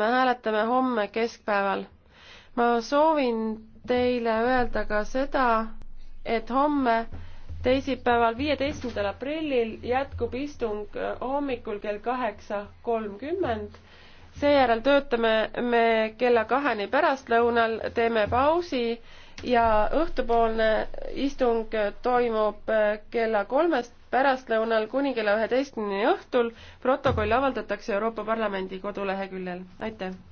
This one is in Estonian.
me hääletame homme keskpäeval. ma soovin teile öelda ka seda, et homme teisipäeval, viieteistkümnendal aprillil jätkub istung hommikul kell kaheksa kolmkümmend seejärel töötame me kella kaheni pärastlõunal, teeme pausi ja õhtupoolne istung toimub kella kolmest pärastlõunal kuni kella üheteistkümneni õhtul. protokoll avaldatakse Euroopa Parlamendi koduleheküljel. aitäh!